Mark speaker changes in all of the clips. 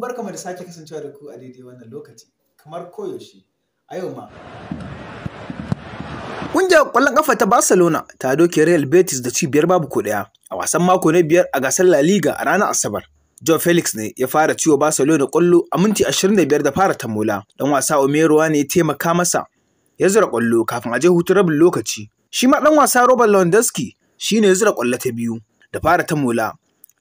Speaker 1: Barkamu da sake kasancewa da ku a daidai wannan lokaci kamar koyaushe a yau ma. Ƙungiyar ƙwallon ƙafa ta Barcelona ta doke Real Betis da ci biyar babu ko ɗaya a wasan mako na biyar a gasar La Liga a ranar Asabar. Joe Felix ne ya fara ciwo Barcelona ƙwallo a minti 25 da fara tamola. Dan wasa Omeruwa ne ya taimaka masa ya zura ƙwallo kafin a je hutun rabin lokaci. Shi ma ɗan wasa Robert Lewandowski shi ne ya zura ƙwallo ta biyu da fara tamola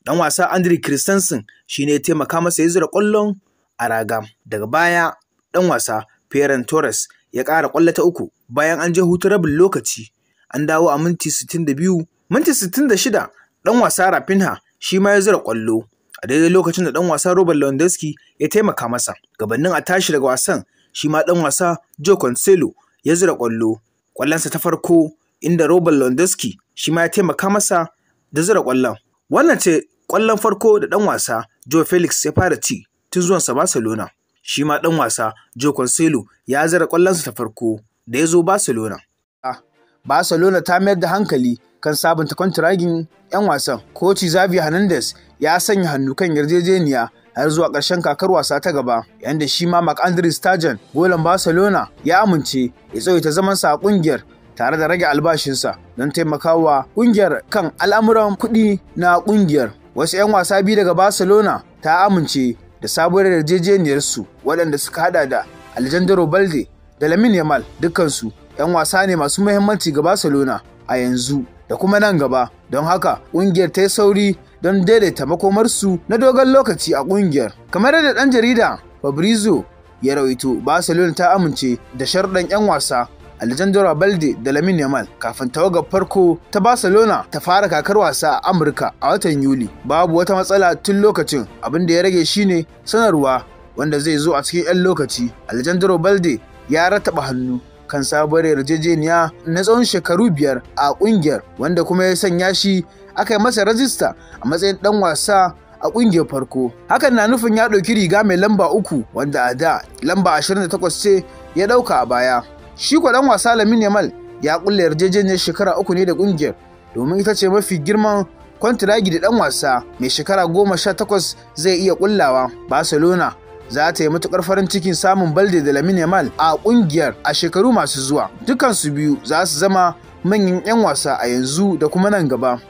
Speaker 1: Ɗan wasa Andre Christensen shi ne ya taimaka masa ya zura ƙwallon a raga. Daga baya dan wasa Ferran Torres ya ƙara ƙwallo ta uku bayan an je hutu rabin lokaci. An dawo a minti biyu. minti shida, dan wasa Rafinha shi ma ya zura ƙwallo. A daidai lokacin da dan wasa Robert Lewandowski ya taimaka masa. Gabannin a tashi daga wasan shi ma dan wasa Joe Cancelo ya zura ƙwallo. Ƙwallonsa ta farko inda Robert Lewandowski shi ma ya taimaka masa da zura ƙwallon. Wannan ce ƙwallon farko da ɗan wasa Joe Felix ya fara ci tun zuwansa Barcelona. Shi ma ɗan wasa Joe Cancelo ya zara ƙwallonsa ta farko da ya zo Barcelona. Ah, Barcelona ta mayar da hankali kan sabunta kwantiragin 'yan wasan. Koci Xavi Hernandez ya sanya hannu kan yarjejeniya har zuwa ƙarshen kakar wasa ta gaba, yanda shi ma Marc-André Stajan, golan Barcelona, ya amince ya tsawaita zamansa a ƙungiyar tare da rage albashinsa don taimakawa ƙungiyar kan al'amuran kuɗi na ƙungiyar. Wasu 'yan wasa biyu daga Barcelona ta amince da sabuwar yarjejeniyarsu waɗanda suka hada da Aljandro Balde da Lamin Yamal dukkansu 'yan wasa ne masu muhimmanci ga Barcelona a yanzu da kuma nan gaba don haka ƙungiyar ta yi sauri don daidaita makomarsu na dogon lokaci a ƙungiyar. Kamar da ɗan jarida Fabrizio ya rawaito Barcelona ta amince da sharɗan 'yan wasa Alejandro Balde da Lamin Yamal kafin tawagar farko ta Barcelona ta fara kakar wasa a Amurka a watan Yuli. Babu wata matsala tun lokacin abin da ya rage shi ne sanarwa wanda zai zo a cikin 'yan lokaci. Alejandro Balde ya rataba hannu kan sabuwar yarjejeniya na tsawon shekaru biyar a kungiyar wanda kuma ya sanya shi aka yi masa rajista a matsayin dan wasa a kungiyar farko. Hakan na nufin ya ɗauki riga mai lamba uku wanda a da lamba 28 ce ya ɗauka a baya. Shi ko dan wasa Lamine Yamal ya kulle yarjejeniyar shekara uku ne da kungiyar domin ita ce mafi girman kwantiragi da dan wasa mai shekara goma sha takwas zai iya kullawa. Barcelona za ta yi matukar farin cikin samun balde da Lamine Yamal a kungiyar a shekaru masu zuwa. Dukansu biyu za su zama manyan 'yan wasa a yanzu da kuma nan gaba.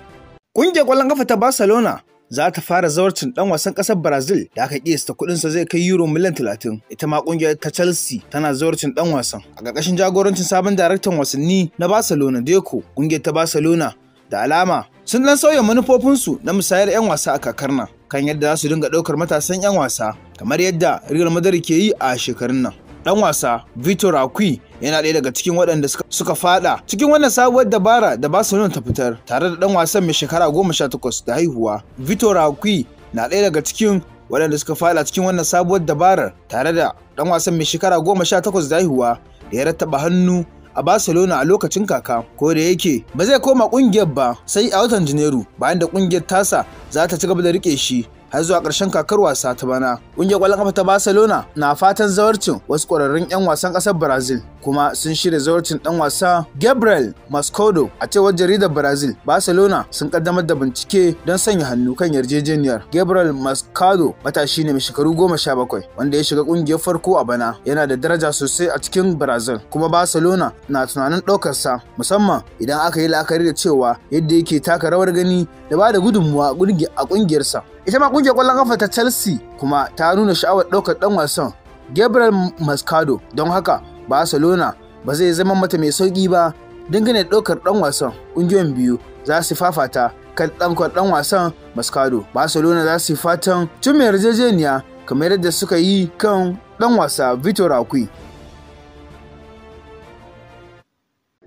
Speaker 1: Ƙungiyar ƙwallon ƙafa ta Barcelona za ta fara zawarcin dan wasan ƙasar Brazil da aka kiyasta kudinsa zai kai euro miliyan 30. Ita ma kungiyar ta Chelsea tana zawarcin dan wasan. A ƙarƙashin jagorancin sabon daraktan wasanni na Barcelona Deco, ƙungiyar ta Barcelona da alama sun dan sauya manufofinsu na musayar 'yan wasa a kakar nan kan yadda za su dinga ɗaukar matasan 'yan wasa kamar yadda Real Madrid ke yi a shekarun nan. dan wasa Vitor Akwi yana ɗaya daga cikin waɗanda suka fada cikin wannan sabuwar dabara da Barcelona ta fitar tare da dan wasan mai shekara 18 da haihuwa Vitor Akwi na ɗaya daga cikin waɗanda suka fada cikin wannan sabuwar dabara, tare da dan wasan mai shekara 18 da haihuwa da ya rattaba hannu a Barcelona a lokacin kaka ko da yake ba zai koma kungiyar ba sai a watan Janairu bayan da kungiyar tasa za ta ci gaba da rike shi har zuwa ƙarshen kakar wasa ta bana. Ƙungiyar ƙwallon ƙafa ta Barcelona na fatan zawarcin wasu ƙwararrun 'yan wasan ƙasar Brazil kuma sun shirya zawarcin ɗan wasa Gabriel Mascodo a cewar jaridar Brazil. Barcelona sun ƙaddamar da bincike don sanya hannu kan yarjejeniyar. Gabriel Mascado matashi ne mai shekaru goma sha bakwai wanda ya shiga ƙungiyar farko a bana yana da daraja sosai a cikin Brazil kuma Barcelona na tunanin ɗaukarsa musamman idan aka yi la'akari da cewa yadda yake taka rawar gani da ba da gudunmuwa a kungiyarsa. Ita ma kungiyar kwallon kafa ta Chelsea kuma ta nuna sha'awar ɗaukar ɗan wasan Gabriel Mascado don haka Barcelona ba zai zama mata mai sauƙi ba dangane da ɗaukar ɗan wasan ƙungiyoyin biyu za su fafata kan ɗankon ɗan wasan Mascado. Barcelona za su fatan cin mai yarjejeniya kamar yadda suka yi kan ɗan wasa Vitor Rakui.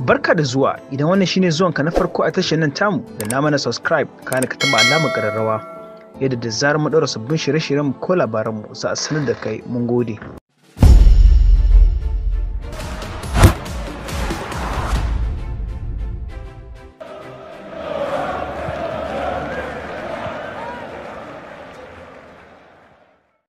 Speaker 1: Barka da zuwa idan wannan shine zuwanka na farko a tashar nan tamu da na mana subscribe kana ka taba alamar kararrawa yadda da zarar mu daura sabbin shirye-shiryen ko labaran mu za sanar da kai mun gode.